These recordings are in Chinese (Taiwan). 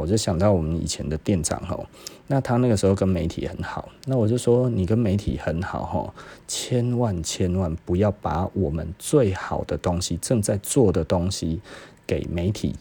我就想到我們以前的店長吼，那他那個時候跟媒體很好，那我就說你跟媒體很好吼，千萬千萬不要把我們最好的東西、正在做的東西給媒體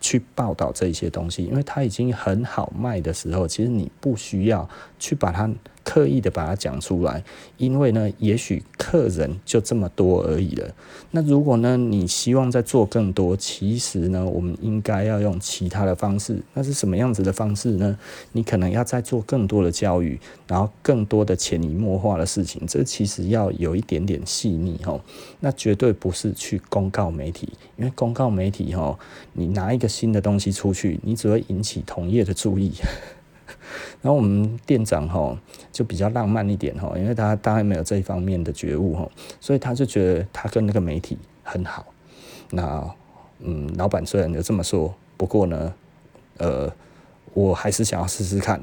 去報道這些東西，因為他已經很好賣的時候，其實你不需要去把它。刻意的把它講出來，因為呢，也許客人就這麼多而已了。那如果呢，你希望再做更多，其實呢，我們應該要用其他的方式。那是什麼樣子的方式呢？你可能要再做更多的教育，然後更多的潛移默化的事情。這其實要有一點點細膩哦。那絕對不是去公告媒體，因為公告媒體哦，你拿一個新的東西出去，你只會引起同業的注意。然後我們店長、哦，就比較浪漫一點、哦，因為他當然沒有這一方面的覺悟、哦，所以他就覺得他跟那個媒體很好。那嗯，老闆雖然有這麼說，不過呢，呃，我還是想要試試看，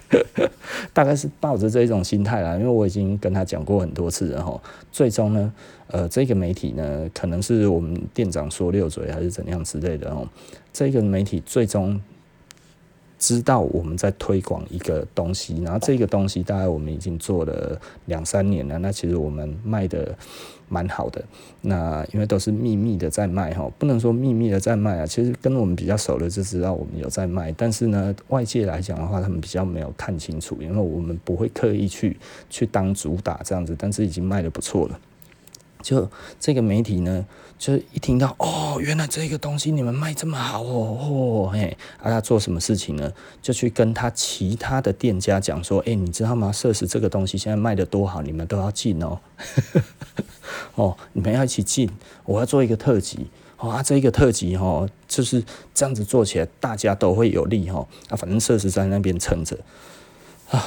大概是抱着這一種心態啦，因為我已經跟他講過很多次了哈、哦。最終呢，呃，這個媒體呢，可能是我們店長說漏嘴還是怎樣之類的哦，這個媒體最終知道我們在推廣一個東西，然後這個東西大概我們已經做了兩三年了。那其實我們賣的蠻好的，那因為都是秘密的在賣哈，不能說秘密的在賣啊。其實跟我們比較熟的就知道我們有在賣，但是呢，外界來講的話，他們比較沒有看清楚，因為我們不會刻意去去當主打這樣子，但是已經賣得不錯了。就這個媒體呢，就是一聽到哦，原來這個東西你們賣這麼好哦，哦嘿，啊他做什麼事情呢？就去跟他其他的店家講說，誒、欸，你知道嗎？設施這個東西現在賣得多好，你們都要進哦， 哦，你們要一起進，我要做一個特輯，哦，啊，這一個特輯哦，就是這樣子做起來，大家都會有利哦。啊，反正設施在那邊撐着啊，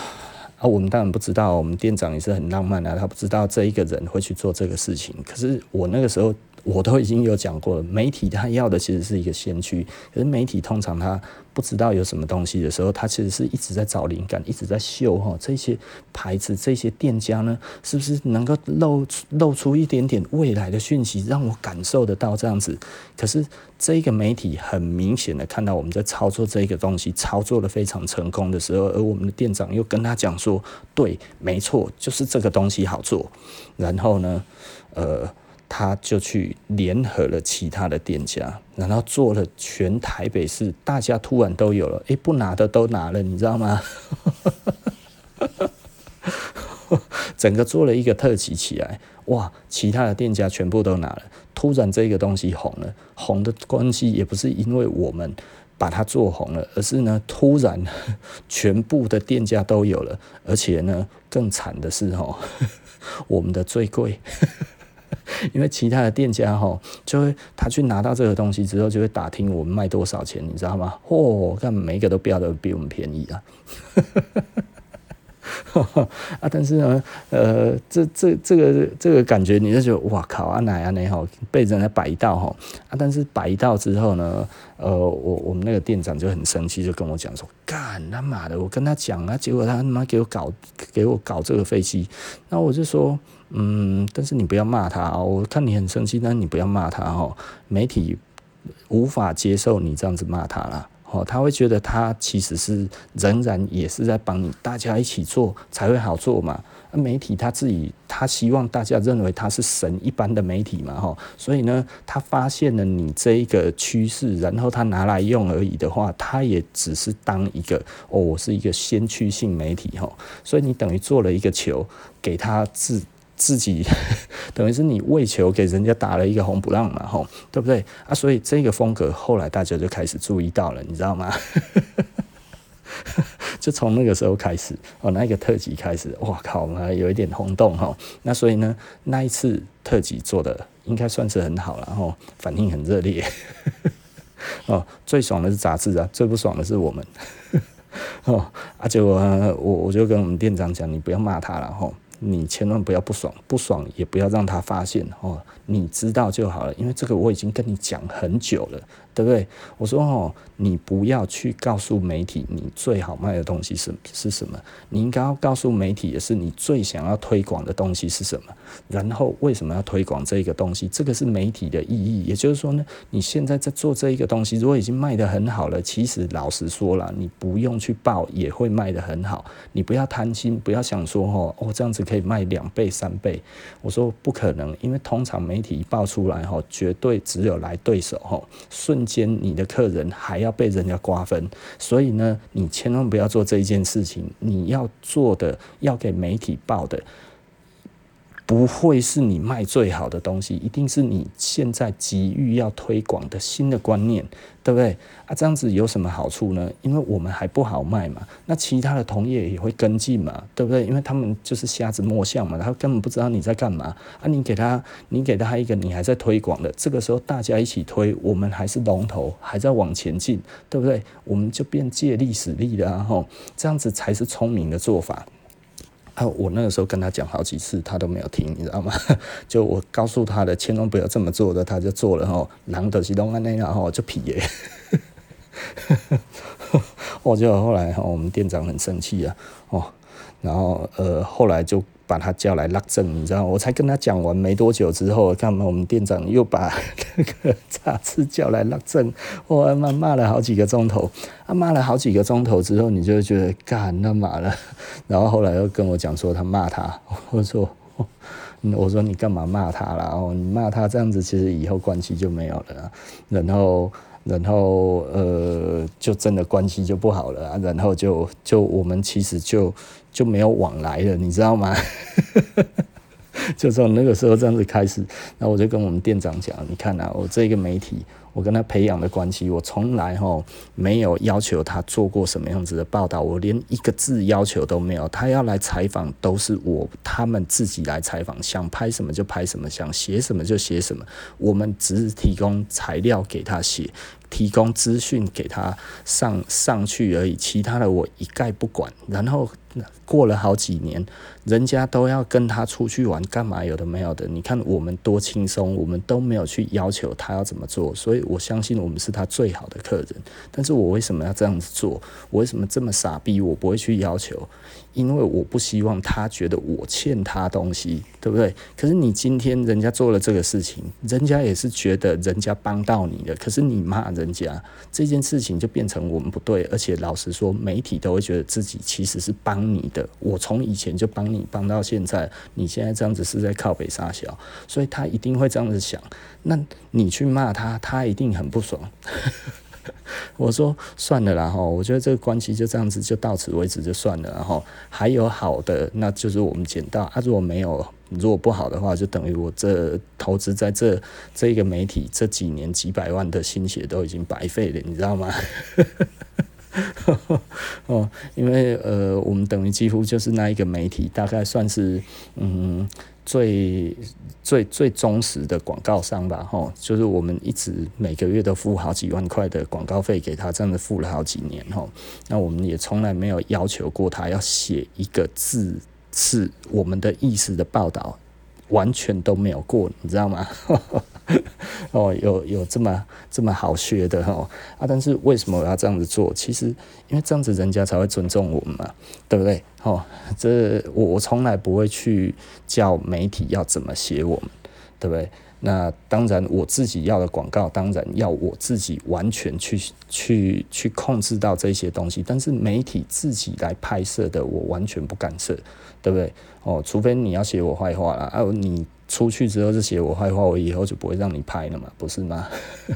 啊，我們當然不知道，我們店長也是很浪漫啊，他不知道這一個人會去做這個事情，可是我那個時候。我都已經有講過了，媒體他要的其實是一個先驅，可是媒體通常他不知道有什麼東西的時候，他其實是一直在找靈感，一直在秀。哈、哦、這些牌子、這些店家呢，是不是能夠露露出一點點未來的訊息，讓我感受得到這樣子？可是這個媒體很明顯的看到我們在操作這個東西，操作得非常成功的時候，而我們的店長又跟他講說：“對，沒錯，就是這個東西好做。”然後呢，呃。他就去聯合了其他的店家，然後做了全台北市，大家突然都有了，誒，不拿的都拿了，你知道嗎？ 整個做了一個特輯起來，哇，其他的店家全部都拿了，突然這個東西紅了，紅的關係也不是因為我們把它做紅了，而是呢，突然全部的店家都有了，而且呢，更慘的是哦，我們的最貴。因為其他的店家吼就會他去拿到這個東西之後，就會打聽我們賣多少錢，你知道嗎？嚯、哦，看每一個都標的比我們便宜啊！ 啊，但是呢，呃，這這這個這個感覺，你就覺得哇靠啊！奶啊奶吼，被人家擺一道吼啊，但是擺一道之後呢，呃，我我們那個店長就很生氣，就跟我講說，幹他媽的，我跟他講啊，結果他媽給我搞給我搞這個飛機，那我就說。嗯，但是你不要罵他，哦，我看你很生氣，但是你不要罵他哦。媒體無法接受你這樣子罵他了，哦，他會覺得他其實是仍然也是在幫你，大家一起做才會好做嘛。啊，媒體他自己他希望大家認為他是神一般的媒體嘛，哦，所以呢，他發現了你這一個趨勢，然後他拿來用而已的話，他也只是當一個，哦，我是一個先驅性媒體，哦，所以你等於做了一個球給他自。自己等於是你餵球給人家打了一個紅不讓嘛，吼，對不對啊？所以這個風格後來大家就開始注意到了，你知道嗎？ 就從那個時候開始，哦，那一個特輯開始，哇靠，有一點轟動吼，那所以呢，那一次特輯做的應該算是很好了，吼，反應很熱烈。哦，最爽的是雜誌啊，最不爽的是我們。哦，啊，就我我就跟我們店長講，你不要罵他了，吼。你千萬不要不爽，不爽也不要讓他發現哦。你知道就好了。因為這個我已經跟你講很久了，對不對？我說哦，你不要去告訴媒體你最好賣的東西是，是什麼，你應該要告訴媒體也是你最想要推廣的東西是什麼，然後為什麼要推廣這個東西？這個是媒體的意義。也就是說呢，你現在在做這一個東西，如果已經賣得很好了，其實老實說了，你不用去報也會賣得很好。你不要貪心，不要想說哦哦這樣子可以賣兩倍三倍。我說不可能，因為通常沒。媒體一爆出來哈，絕對只有來對手，瞬間你的客人還要被人家瓜分，所以呢，你千萬不要做這一件事情。你要做的，要給媒體報的，不會是你賣最好的東西，一定是你現在急於要推廣的新的觀念。對不對啊？這樣子有什麼好處呢？因為我們還不好賣嘛，那其他的同業也會跟進嘛，對不對？因為他們就是瞎子摸象嘛，他根本不知道你在幹嘛啊！你給他，你給他一個，你還在推廣的，這個時候大家一起推，我們還是龍頭，還在往前進，對不對？我們就變借力使力了齁，啊，這樣子才是聰明的做法。啊，我那個時候跟他講好幾次，他都沒有聽，你知道嗎？就我告訴他的，千萬不要這麼做的，他就做了哦，男的是都那樣 哦，就皮耶，我就後來我們店長很生氣啊，哦，然後呃，後來就。把他叫來拉證，你知道？我才跟他講完沒多久之後，幹嘛？我們店長又把那個雜誌叫來拉證，哇、哦！媽、啊、罵了好幾個鐘頭，他、啊、罵了好幾個鐘頭之後，你就覺得幹那嘛了？然後後來又跟我講說他罵他，我說，哦、我說你幹嘛罵他了？然、哦、後你罵他這樣子，其實以後關係就沒有了、啊，然後，然後呃，就真的關係就不好了、啊、然後就就我們其實就。就沒有往來了，你知道嗎？ 就從那個時候這樣子開始，那我就跟我們店長講，你看啊，我這個媒體，我跟他培養的關係，我從來吼沒有要求他做過什麼樣子的報道，我連一個字要求都沒有。他要來採訪都是我他們自己來採訪，想拍什麼就拍什麼，想寫什麼就寫什麼，我們只是提供材料給他寫。提供資訊給他上上去而已，其他的我一概不管。然後過了好幾年，人家都要跟他出去玩，幹嘛？有的沒有的。你看我們多輕鬆，我們都沒有去要求他要怎麼做。所以我相信我們是他最好的客人。但是我為什麼要這樣子做？我為什麼這麼傻逼？我不會去要求。因為我不希望他覺得我欠他東西，對不對？可是你今天人家做了這個事情，人家也是覺得人家幫到你的，可是你罵人家這件事情就變成我們不對。而且老實說，媒體都會覺得自己其實是幫你的，我從以前就幫你幫到現在，你現在這樣子是在靠北撒嬌，所以他一定會這樣子想。那你去罵他，他一定很不爽。 我說算了啦哈，我覺得這個關係就這樣子，就到此為止就算了。然後還有好的，那就是我們撿到啊。如果沒有，如果不好的話，就等於我這投資在這這一個媒體這幾年幾百萬的心血都已經白費了，你知道嗎？ 哦， 因為呃，我們等於幾乎就是那一個媒體，大概算是嗯，最最最忠實的廣告商吧，哈，就是我們一直每個月都付好幾萬塊的廣告費給他，這樣子付了好幾年，哈，那我們也從來沒有要求過他要寫一個字，是我們的意思的報道，完全都沒有過，你知道嗎？ 哦，有有這麼這麼好學的哦啊！但是為什麼我要這樣子做？其實因為這樣子人家才會尊重我們嘛，對不對？哦，這我我從來不會去叫媒體要怎麼寫我們，對不對？那當然，我自己要的廣告，當然要我自己完全去去去控制到這些東西。但是媒體自己來拍攝的，我完全不干涉，對不對？哦，除非你要寫我壞話了，哦、啊、你。出去之後就寫我壞話，我以後就不會讓你拍了嘛，不是嗎？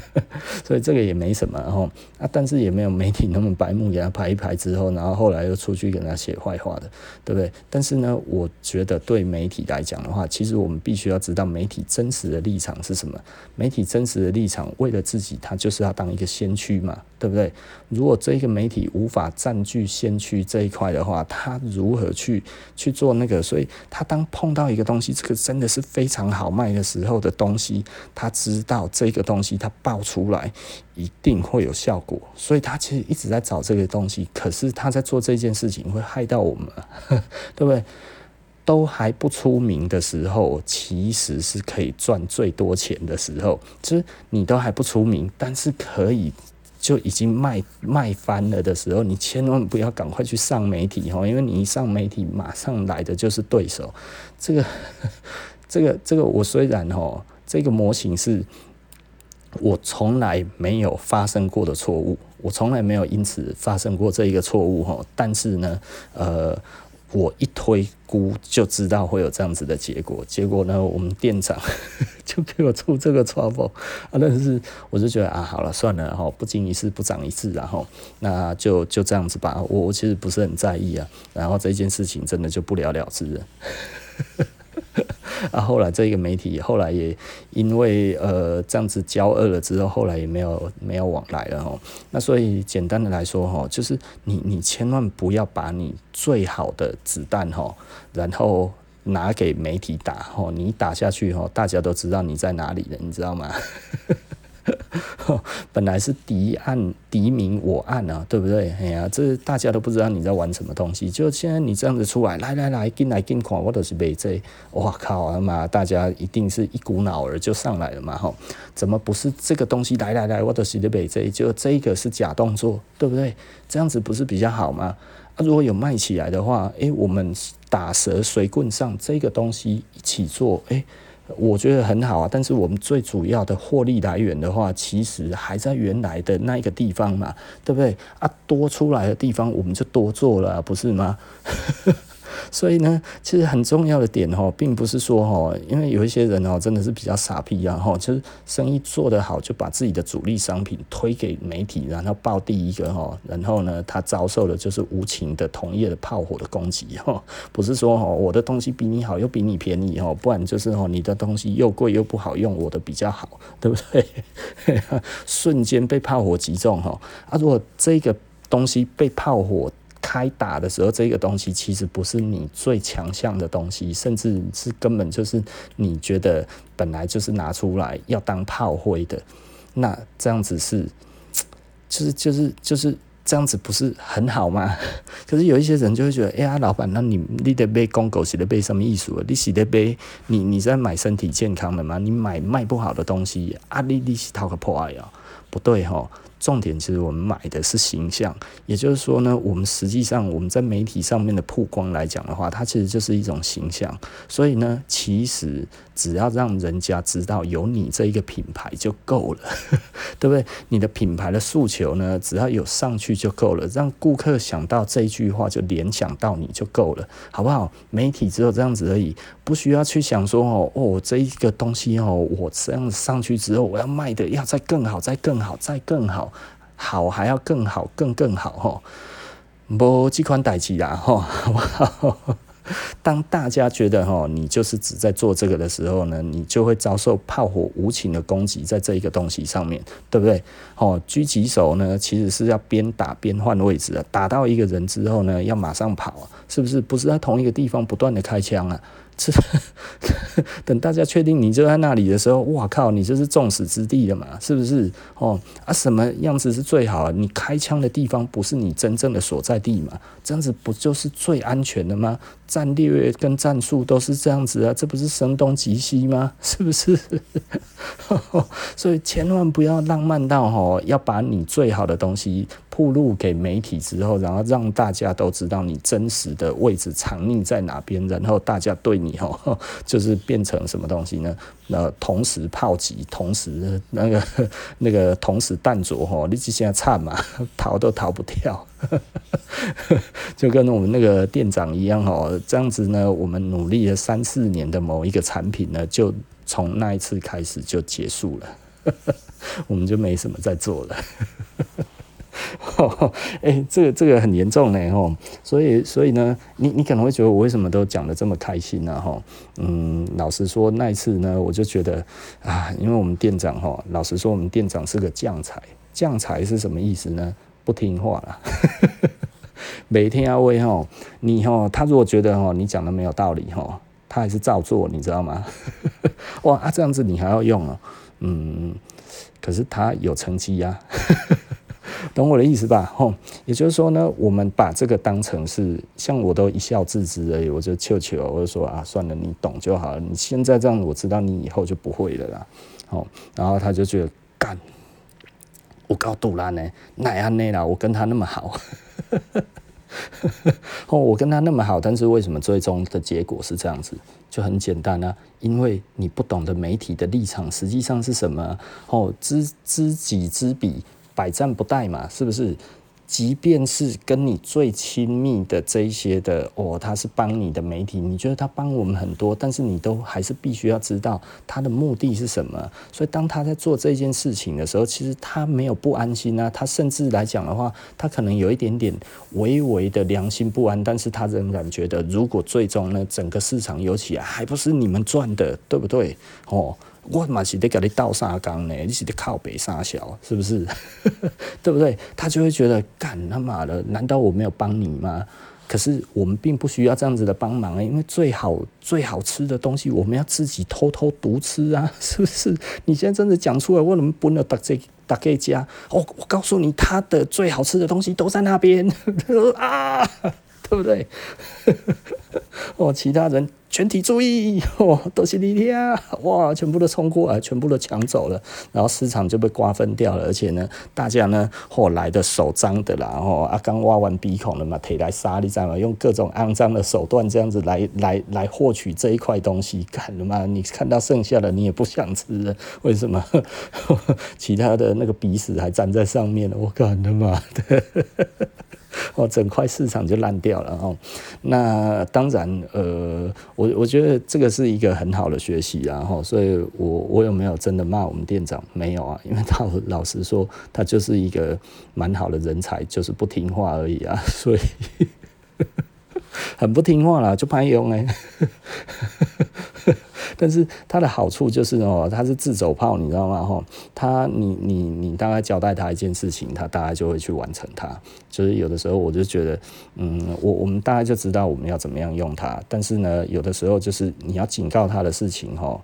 所以這個也沒什麼。然後啊，但是也沒有媒體那麼白目給他拍一拍之後，然後後來又出去給他寫壞話的，對不對？但是呢，我覺得對媒體來講的話，其實我們必須要知道媒體真實的立場是什麼。媒體真實的立場，為了自己，他就是要當一個先驅嘛。對不對？如果這一個媒體無法佔據先驅這一塊的話，他如何去去做那個？所以他當碰到一個東西，這個真的是非常好賣的時候的東西，他知道這個東西他爆出來一定會有效果，所以他其實一直在找這個東西。可是他在做這件事情會害到我們，呵呵對不對？都還不出名的時候，其實是可以賺最多錢的時候。就是你都還不出名，但是可以。就已經賣賣翻了的時候，你千萬不要趕快去上媒體哈，因為你一上媒體，馬上來的就是對手。這個，這個，這個，我雖然哈、哦，這個模型是，我從來沒有發生過的錯誤，我從來沒有因此發生過這一個錯誤哈，但是呢，呃。我一推估就知道會有這樣子的結果，結果呢，我們店長就給我出這個 trouble 啊，但是我就覺得啊，好了算了，然後不經一事不長一智，然後那就就這樣子吧，我我其實不是很在意啊，然後這件事情真的就不了了之了。啊，後來這個媒體後來也因為呃這樣子交惡了之後，後來也沒有沒有往來了哦。那所以簡單的來說哦，就是你你千萬不要把你最好的子彈哦，然後拿給媒體打哦，你打下去哦，大家都知道你在哪裡了，你知道嗎？ 呵本來是敵暗敵明，我暗啊，對不對？呀、啊，這大家都不知道你在玩什麼東西。就現在你這樣子出來，來來來，進來進看，我都是北這我、個、靠啊嘛，大家一定是一股腦兒就上來了嘛吼怎麼不是這個東西？來來來，我都是台這個、就這個是假動作，對不對？這樣子不是比較好嗎？啊，如果有賣起來的話，誒我們打蛇隨棍上，這個東西一起做，誒我覺得很好啊，但是我們最主要的獲利來源的話，其實還在原來的那一個地方嘛，對不對？啊，多出來的地方我們就多做了啊，不是嗎？ 所以呢，其實很重要的點哦、喔，並不是說哦、喔，因為有一些人哦、喔，真的是比較傻逼啊、喔，就是生意做得好，就把自己的主力商品推給媒體，然後報第一個、喔、然後呢，他遭受的就是無情的同業的炮火的攻擊、喔，不是說哦、喔，我的東西比你好又比你便宜哦、喔，不然就是哦、喔，你的東西又貴又不好用，我的比較好，對不對？ 瞬間被炮火擊中、喔、啊，如果這個東西被炮火開打的時候，這個東西其實不是你最強項的東西，甚至是根本就是你覺得本來就是拿出來要當炮灰的。那這樣子是，就是就是就是這樣子，不是很好嗎？可是有一些人就會覺得，哎、欸、呀，老闆，那你你得背公狗，你得背什麼意思？你是在背你你在買身體健康的嗎？你買賣不好的東西啊，你你是頭殼壞哦，不對哦重點其實我們買的是形象，也就是說呢，我們實際上我們在媒體上面的曝光來講的話，它其實就是一種形象，所以呢，其實。只要讓人家知道有你這一個品牌就夠了， 對不對？你的品牌的訴求呢，只要有上去就夠了，讓顧客想到這一句話就聯想到你就夠了，好不好？媒體只有這樣子而已，不需要去想說哦哦這一個東西哦，我這樣上去之後我要賣的要再更好，再更好，再更好，好還要更好，更更好哦，無即款代誌啦，好當大家覺得哦，你就是只在做這個的時候呢，你就會遭受炮火無情的攻擊，在這一個東西上面，對不對？哦，狙擊手呢，其實是要邊打邊換位置的啊，打到一個人之後呢，要馬上跑啊，是不是？不是在同一個地方不斷的開槍啊。是， 等大家確定你就在那裡的時候，哇靠，你就是眾矢之的了嘛，是不是？哦啊，什麼樣子是最好啊？你開槍的地方不是你真正的所在地嘛？這樣子不就是最安全的嗎？戰略跟戰術都是這樣子啊，這不是聲東擊西嗎？是不是呵呵？所以千萬不要浪漫到哦，要把你最好的東西，透露給媒體之後，然後讓大家都知道你真實的位置藏匿在哪邊，然後大家對你吼、哦，就是變成什麼東西呢？那同時炮擊，同時那個那個同時彈着吼，你這些差嘛，逃都逃不掉， 就跟我們那個店長一樣哦，這樣子呢，我們努力了三四年的某一個產品呢，就從那一次開始就結束了， 我們就沒什麼再做了。 誒、欸，這個這個很嚴重呢，吼，所以所以呢，你你可能會覺得我為什麼都講得這麼開心呢、啊，吼，嗯，老實說那一次呢，我就覺得啊，因為我們店長吼，老實說我們店長是個將才，將才是什麼意思呢？不聽話啦，每天要問吼你吼，他如果覺得吼你講的沒有道理吼，他還是照做，你知道嗎？ 哇，啊這樣子你還要用哦、喔。嗯，可是他有成績呀、啊。 懂我的意思吧？哦，也就是說呢，我們把這個當成是像我都一笑置之而已，我就求求，我就說啊，算了，你懂就好了。你現在這樣，我知道你以後就不會了啦。哦，然後他就覺得幹，我告杜拉呢，奈安內啦，我跟他那麼好，哦， 我跟他那麼好，但是為什麼最終的結果是這樣子？就很簡單啊，因為你不懂得媒體的立場實際上是什麼。哦，知知己知彼。百戰不殆嘛，是不是？即便是跟你最親密的這一些的哦，他是幫你的媒體，你覺得他幫我們很多，但是你都還是必須要知道他的目的是什麼。所以當他在做這件事情的時候，其實他沒有不安心啊，他甚至來講的話，他可能有一點點微微的良心不安，但是他仍然覺得，如果最終呢，整個市場尤其還不是你們賺的，對不對？哦。我嘛是得給你倒沙岡呢，你是得靠北三小，是不是？ 對不對？他就會覺得，幹他媽的，難道我沒有幫你嗎？可是我們並不需要這樣子的幫忙，因為最好最好吃的東西，我們要自己偷偷獨吃啊，是不是？你現在真的講出來，我能不能打這打這家？哦，我告訴你，他的最好吃的東西都在那邊 啊。對不對？ 哦，其他人全體注意哦，都是你的呀哇！全部都衝過來，全部都搶走了，然後市場就被瓜分掉了。而且呢，大家呢後、哦、來的手髒的啦，哦啊，剛挖完鼻孔的嘛，推來沙，你知道嗎？用各種骯髒的手段這樣子來來來獲取這一塊東西，幹了嗎？你看到剩下的，你也不想吃了，為什麼？呵其他的那個鼻屎還粘在上面了，我幹了媽的！對哦，整塊市場就爛掉了哦。那當然，呃，我我覺得這個是一個很好的學習，啊，然、哦、後，所以我我有沒有真的罵我們店長？沒有啊，因為他老實說，他就是一個蠻好的人才，就是不聽話而已啊，所以呵呵很不聽話啦，就拍用哎、欸。但是它的好處就是哦，它是自走炮，你知道嗎？哈，它你你你大概交代它一件事情，它大概就會去完成它。就是有的時候我就覺得，嗯，我我們大概就知道我們要怎麼樣用它，但是呢，有的時候就是你要警告它的事情，哦，哈。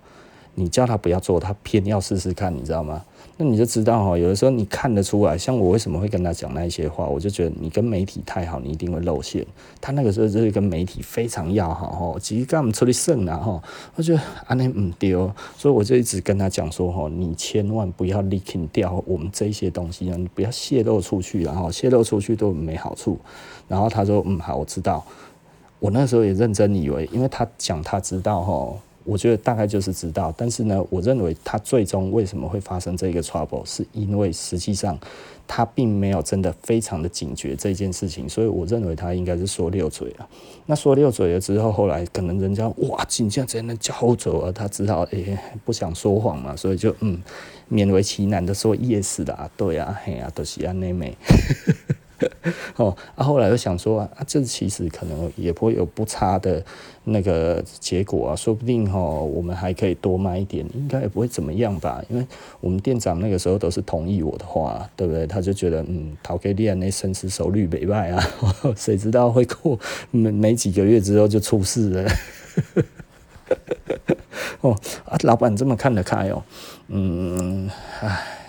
你叫他不要做，他偏要試試看，你知道嗎？那你就知道有的時候你看得出來。像我為什麼會跟他講那一些話，我就覺得你跟媒體太好，你一定會露餡。他那個時候就會跟媒體非常要好哈，其實我們出去剩了哈，我就安尼不丟。所以我就一直跟他講說你千萬不要力 e 掉我們這些東西啊，你不要泄露出去，然後泄露出去都沒好處。然後他說嗯好，我知道。我那時候也認真以為，因為他講他知道我覺得大概就是知道，但是呢，我認為他最終為什麼會發生這個 trouble，是因為實際上他並沒有真的非常的警覺這件事情，所以我認為他應該是說溜嘴了、啊。那說溜嘴了之後，後來可能人家哇，警察真的叫走了、啊，他知道、欸、不想說謊嘛，所以就嗯，勉為其難的說 yes 啦，對啊，嘿啊，都、就是啊，妹妹。哦，啊，後來又想說，啊，這其實可能也不會有不差的那個結果啊，說不定、哦、我們還可以多賣一點，應該也不會怎麼樣吧，因為我們店長那個時候都是同意我的話、啊，對不對？他就覺得，嗯，淘客店那深思熟慮沒賣啊，誰、哦、知道會過沒沒幾個月之後就出事了， 哦，啊，老板這麼看得開哦。嗯，哎。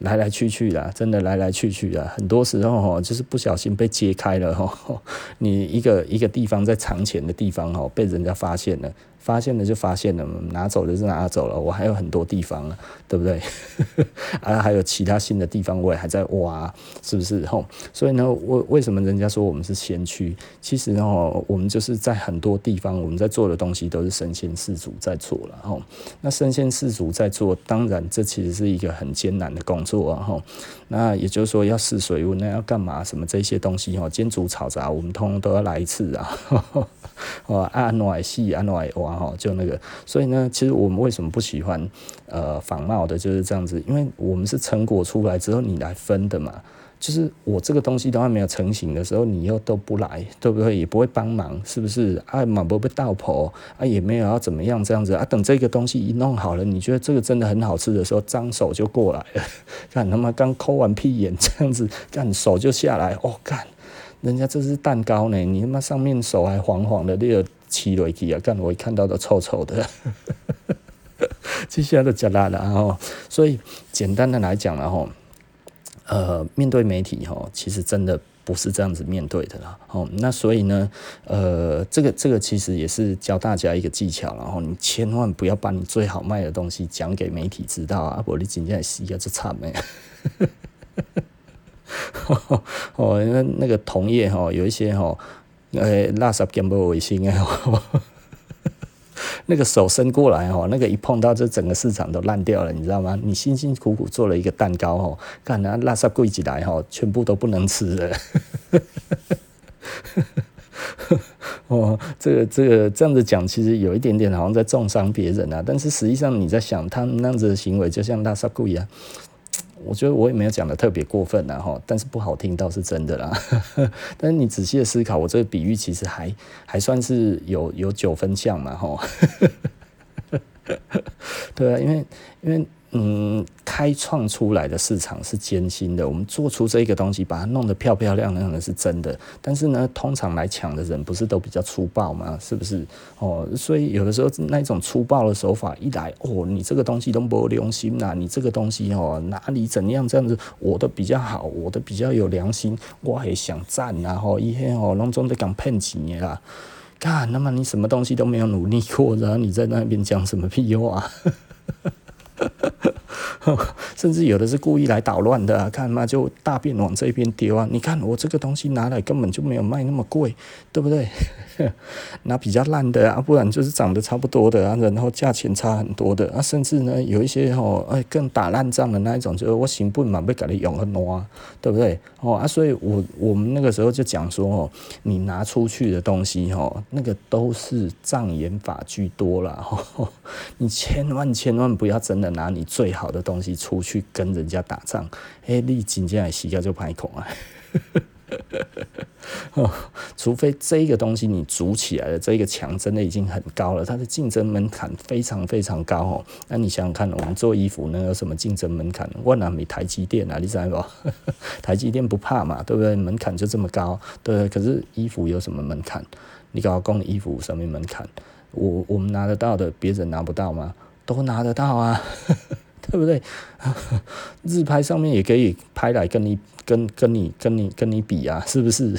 來來去去的，真的來來去去的，很多時候哦，就是不小心被揭開了吼、哦，你一個一個地方在藏錢的地方吼、哦，被人家發現了。發現了就發現了，拿走就是拿走了。我還有很多地方，對不對？ 啊，還有其他新的地方，我也還在挖，是不是？吼、哦，所以呢，為為什麼人家說我們是先驅？其實吼、哦，我們就是在很多地方，我們在做的東西都是身先士卒在做了。吼、哦，那身先士卒在做，當然這其實是一個很艱難的工作啊。吼、哦。那也就是說要試水溫，那要幹嘛？什麼這些東西哈，煎煮炒炸，我們通常都要來一次呵呵啊。哦、啊，按暖氣，按暖油啊，就那個。所以呢，其實我們為什麼不喜歡呃仿冒的，就是這樣子，因為我們是成果出來之後你來分的嘛。就是我這個東西都還沒有成型的時候，你又都不來，對不對？也不會幫忙，是不是？啊，馬不被倒婆啊，也沒有要怎麼樣這樣子啊。等這個東西一弄好了，你覺得這個真的很好吃的時候，張手就過來了。幹他媽剛摳完屁眼這樣子，幹手就下來。哦，幹，人家這是蛋糕呢，你他媽上面手還黃黃的，你個起了一啊？幹我一看到都臭臭的。接 下來就吃辣了哈、哦。所以簡單的來講了哈。哦呃，面對媒體哈、哦，其實真的不是這樣子面對的啦。哦，那所以呢，呃，這個這個其實也是教大家一個技巧啦，然、哦、後你千萬不要把你最好賣的東西講給媒體知道啊，啊不然緊接是一個就慘了。 哦，那那個同業哈、哦，有一些哈、哦，呃、欸，垃圾兼無衛生的、哦。那個手伸過來哦，那個一碰到，這整個市場都爛掉了，你知道嗎？你辛辛苦苦做了一個蛋糕哈，看那垃圾鬼起來哈，全部都不能吃了。 哦，這個這個這樣子講，其實有一點點好像在中傷別人啊。但是實際上你在想，他那樣子的行為就像垃圾鬼一樣。我覺得我也沒有講的特別過分吶、啊、哈，但是不好聽倒是真的啦。 但是你仔細的思考，我這個比喻其實還還算是有有九分像嘛哈。 對啊，因為因為。嗯，開創出來的市場是艱辛的。我們做出這個東西，把它弄得漂漂亮亮的是真的。但是呢，通常來搶的人不是都比較粗暴嗎？是不是？哦，所以有的時候那種粗暴的手法一來，哦，你這個東西都沒良心吶，你這個東西哦，哪裡怎樣這樣子，我都比較好，我都比較有良心，我也想讚、啊，然、哦、後、哦、一天哦弄中的敢騙錢啊，幹，那麼你什麼東西都沒有努力過，然後你在那邊講什麼屁話？ 甚至有的是故意來搗亂的啊，看嘛就大便往這邊丟啊！你看我這個東西拿來根本就沒有賣那麼貴，對不對？拿 比較爛的啊，不然就是長得差不多的啊，然後價錢差很多的啊，甚至呢有一些哦，哎，更打爛仗的那一種，就是我行不嘛趕給你用挪啊，對不對？哦啊，所以我我們那個時候就講說，哦，你拿出去的東西，哦，那個都是障眼法居多啦，哦，你千萬千萬不要真的拿你最好的東西出去跟人家打仗，哎，你緊接着洗掉就拍空啊。 呵呵呵呵，除非這個東西你組起來的，這個牆真的已經很高了，它的競爭門檻非常非常高哦。那你想想看，我們做衣服能有什麼競爭門檻？我哪，沒台積電啊？你知不？ 台積電不怕嘛，對不對？門檻就這麼高，對，可是衣服有什麼門檻？你搞工衣服什麼門檻？我我們拿得到的，別人拿不到嗎？都拿得到啊， 對不對？日拍上面也可以拍來跟你。跟跟你跟你跟你比啊，是不是？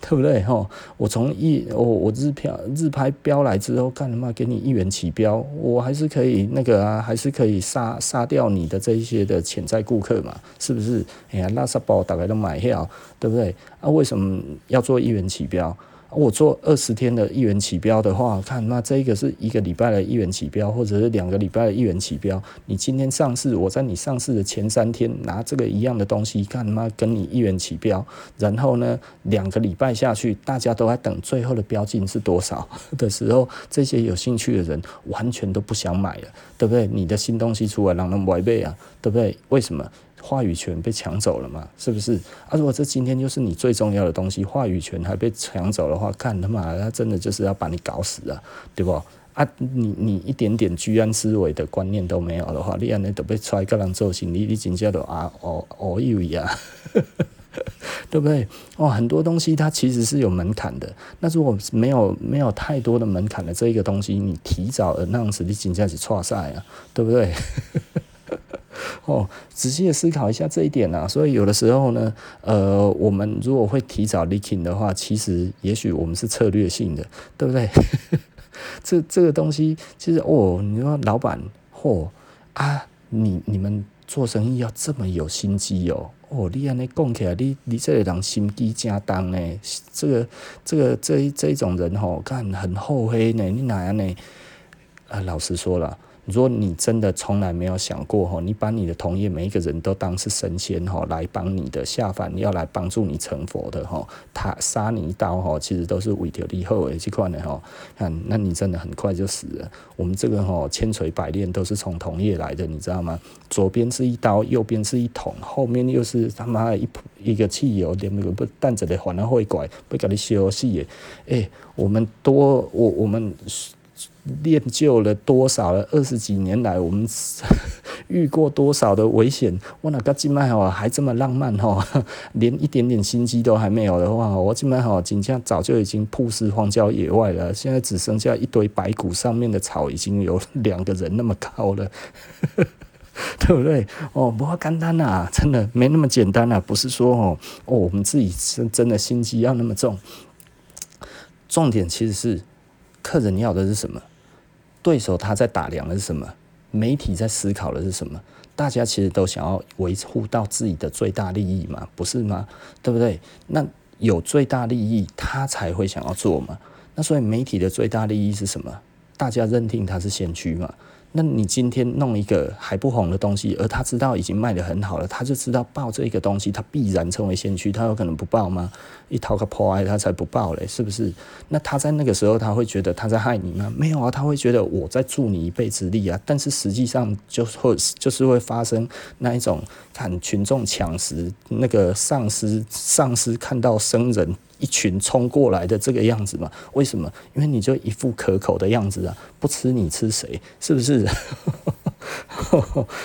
對不對？吼、哦，我從一我、哦、我日票日拍標來之後，幹嘛給你一元起標？我還是可以那個啊，還是可以殺殺掉你的這一些的潛在顧客嘛？是不是？哎呀，拉薩寶大家都買票，對不對？啊，為什麼要做一元起標？我做二十天的一元起標的話，看那這個是一個禮拜的一元起標，或者是兩個禮拜的一元起標。你今天上市，我在你上市的前三天拿這個一樣的東西，看那跟你一元起標？然後呢，兩個禮拜下去，大家都在等最後的標金是多少的時候，這些有興趣的人完全都不想買了，對不對？你的新東西出來讓人違背啊，對不對？為什麼？話語權被搶走了嘛？是不是？啊，如果這今天就是你最重要的東西，話語權還被搶走的話，看他媽，他真的就是要把你搞死了，對不？啊，你你一點點居安思危的觀念都沒有的話，你安尼都被揣個人揍，事，你你緊接著，啊哦哦喲呀，啊啊啊啊啊啊啊、 對不對？哦，很多東西它其實是有門檻的，那如果沒有沒有太多的門檻的這一個東西，你提早的那樣子，你真正是錯晒了，對不對？ 哦，仔細的思考一下這一點啊。所以有的時候呢，呃，我們如果會提早離 e 的話，其實也許我們是策略性的，對不對？ 這這個東西，其實哦，你說老板，哦，啊，你你們做生意要這麼有心機哦，哦，你安尼講起來，你你這個人心機家重呢，這個這個這這一種人哦，干很厚黑呢，你哪樣呢？啊、呃，老實說了。如果你真的從來沒有想過，你把你的同業每一個人都當是神仙來幫你的下凡，要來幫助你成佛的，他殺你一刀其實都是為了你好，這塊的，那你真的很快就死了。我們這個千錘百煉都是從同業來的，你知道嗎？左邊是一刀，右邊是一桶，後面又是他媽一一個汽油，點不不，但這裡反而會拐，不給你休息。我們多，我我們。練就了多少了？二十幾年來，我們 遇過多少的危險？我哪個今嘛還這麼浪漫哦？連一點點心機都還沒有的話，我今嘛好景象早就已經曝屍荒郊野外了。現在只剩下一堆白骨，上面的草已經有兩個人那麼高了， 對不對？哦，不簡單吶，啊，真的沒那麼簡單吶，啊！不是說哦我們自己真的心機要那麼重。重點其實是客人要的是什麼？對手他在打量的是什麼？媒體在思考的是什麼？大家其實都想要維護到自己的最大利益嘛，不是嗎？對不對？那有最大利益，他才會想要做嘛。那所以媒體的最大利益是什麼？大家認定他是先驅嘛？那你今天弄一個還不紅的東西，而他知道已經賣得很好了，他就知道報這一個東西，他必然成為先驅，他有可能不報嗎？一討個破愛，他才不報嘞，是不是？那他在那個時候，他會覺得他在害你嗎？沒有啊，他會覺得我在助你一臂之力啊。但是實際上，就會就是會發生那一種看群眾搶食，那個喪屍喪屍看到生人。一群衝過來的這個樣子嘛？為什麼？因為你就一副可口的樣子啊！不吃你吃誰？是不是？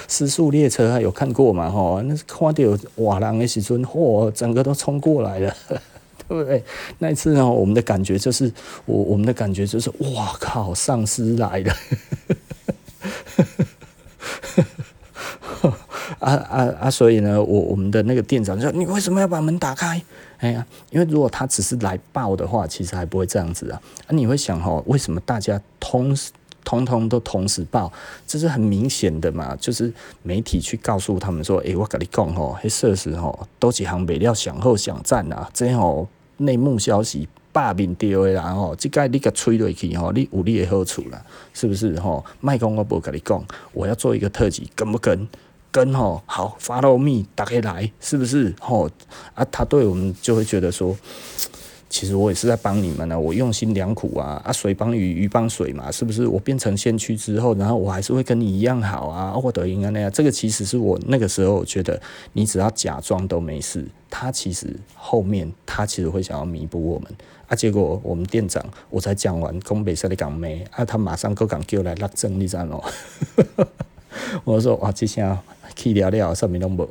屍 速列車還有看過嘛？吼、哦，那是看到瓦郎的時陣，哇、哦，整個都衝過來了， 對不對？那一次呢，我們的感覺就是，我我們的感覺就是，哇靠，喪屍來了！啊 啊啊！啊啊所以呢，我我們的那個店長就說，你為什麼要把門打開？哎、因為如果他只是來報的話，其實還不會這樣子啊。啊你會想吼，為什麼大家通通通都同時報？這是很明顯的嘛，就是媒體去告訴他們說，誒、欸，我跟你講吼，黑澀時候幾行美料想後想賺啊。這樣內幕消息罷免掉的啦吼，即個你給吹落去吼，你有你的好處啦，是不是吼？賣講我沒跟你講，我要做一個特輯，跟不跟？跟吼、哦、好 follow me，大家來是不是吼、哦、啊？他對我們就會覺得說，其實我也是在幫你們呢、啊，我用心良苦啊啊，水幫魚，魚幫水嘛，是不是？我變成先驅之後，然後我還是會跟你一樣好啊，哦、或者應該那樣、啊。這個其實是我那個時候我覺得，你只要假裝都沒事，他其實後面他其實會想要彌補我們啊。結果我們店長我才講完東北色的港沒啊，他馬上夠講叫我來拉正你戰哦 我說哇，這下。一條鏈好像沒弄完，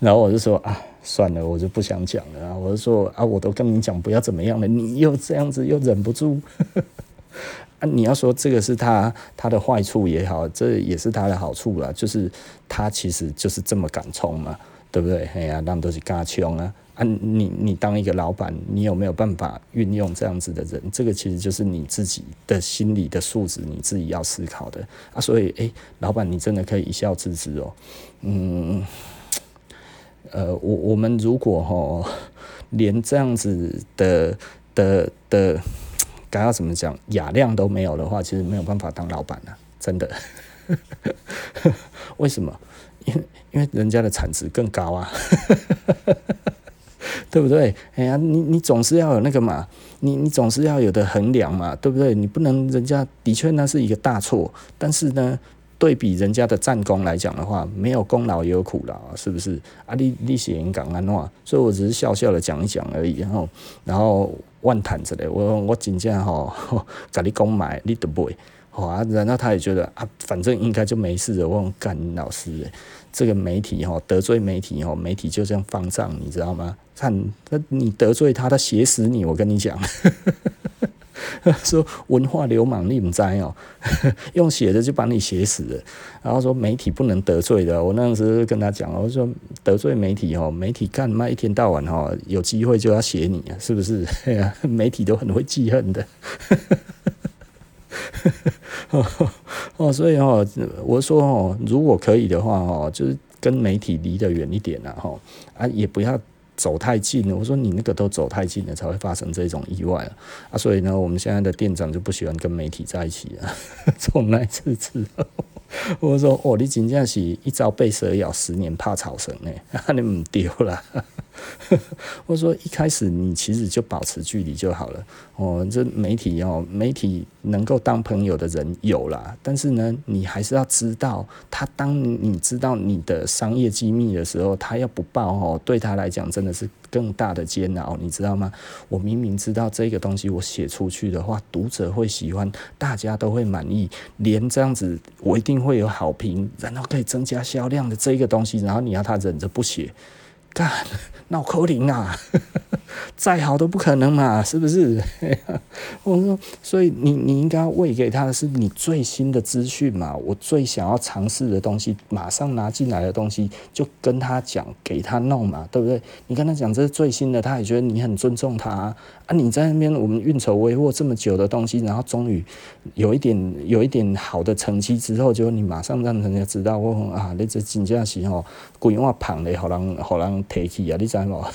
然後我就說啊，算了，我就不想講了、啊。我就說啊，我都跟你講不要怎麼樣了，你又這樣子又忍不住。 啊，你要說這個是他他的壞處也好，這也是他的好處了、啊，就是他其實就是這麼敢衝嘛，對不對？哎呀，那都是嘎窮啊。啊你，你你當一個老闆，你有沒有辦法運用這樣子的人？這個其實就是你自己的心理的素質，你自己要思考的啊。所以，哎、欸，老闆，你真的可以一笑置之哦。嗯，呃，我我們如果、哦、連這樣子的的的，該要怎麼講雅量都沒有的話，其實沒有辦法當老闆了、啊，真的。 為什麼？因為因為人家的產值更高啊。 對不對？哎呀、啊，你你總是要有那個嘛，你你總是要有的衡量嘛，對不對？你不能人家的確那是一個大錯，但是呢，對比人家的戰功來講的話，沒有功勞也有苦勞、啊，是不是？啊你，你你史用講安話，所以我只是笑笑的講一講而已，然後然後萬談之類的。我我真正吼、哦，甲你講賣，你都袂。哦、啊，然後他也覺得啊，反正應該就沒事的。我幹老師、欸，這個媒體哦，得罪媒體哦，媒體就這樣方丈，你知道嗎？看，那你得罪他，他寫死你。我跟你講， 說文化流氓你不知哦，喔、 用寫的就把你寫死了。然後說媒體不能得罪的。我那時候跟他講，我說得罪媒體哦，媒體幹嘛？一天到晚哦，有機會就要寫你啊，是不是嘿、啊？媒體都很會記恨的。 哦，哦，所以哦，我說哦，如果可以的話哦，就是跟媒體離得遠一點吶，哈啊，啊也不要走太近了。我說你那個都走太近了，才會發生這種意外啊！啊所以呢，我們現在的店長就不喜歡跟媒體在一起了。從那次之後，我說哦，你真正是一朝被蛇咬，十年怕草繩呢、欸，你唔丟啦。或者 說一開始你其實就保持距離就好了。哦，這媒體哦，媒體能夠當朋友的人有啦，但是呢，你還是要知道，他當你知道你的商業機密的時候，他要不報哦，對他來講真的是更大的煎熬，你知道嗎？我明明知道這個東西，我寫出去的話，讀者會喜歡，大家都會滿意，連這樣子我一定會有好評，然後可以增加銷量的這個東西，然後你要他忍着不寫。大腦殼靈啊！ 再好都不可能嘛，是不是？ 我說，所以你你應該餵給他的是你最新的資訊嘛，我最想要嘗試的東西，馬上拿進來的東西，就跟他講，給他弄嘛，對不對？你跟他講這是最新的，他也覺得你很尊重他啊。你在那邊我們運籌帷幄這麼久的東西，然後終於有一點有一點好的成績之後，就你馬上讓人家知道，我啊，你這真正是哦，改我胖的，讓人讓啊、你知道嗎？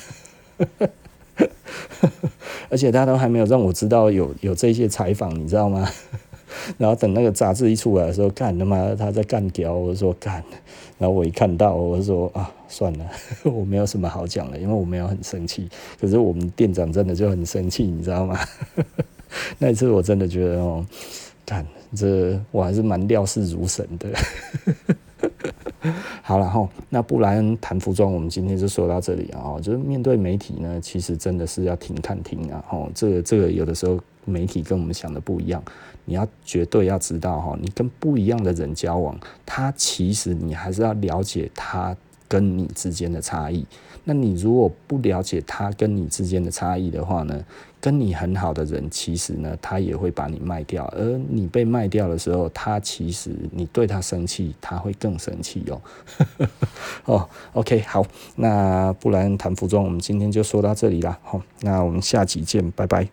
而且他都還沒有讓我知道有有這些採訪，你知道嗎？ 然後等那個雜誌一出來的時候，幹他媽他在幹屌，我就說幹。然後我一看到，我就說啊算了，我沒有什麼好講了，因為我沒有很生氣。可是我們店長真的就很生氣，你知道嗎？ 那次我真的覺得哦，幹、喔、這我還是蠻料事如神的。 好，然後那布萊恩談服裝，我們今天就說到這裡啊。就是面對媒體呢，其實真的是要停、看、聽啊。哦，這個、這個，有的時候媒體跟我們想的不一樣，你要絕對要知道哈，你跟不一樣的人交往，他其實你還是要了解他。跟你之間的差異，那你如果不了解他跟你之間的差異的話呢，跟你很好的人，其實呢，他也會把你賣掉。而你被賣掉的時候，他其實你對他生氣，他會更生氣哦，呵呵，哦，OK，好，那不然談服裝，我們今天就說到這裡啦。好，Oh，那我們下集見，拜拜。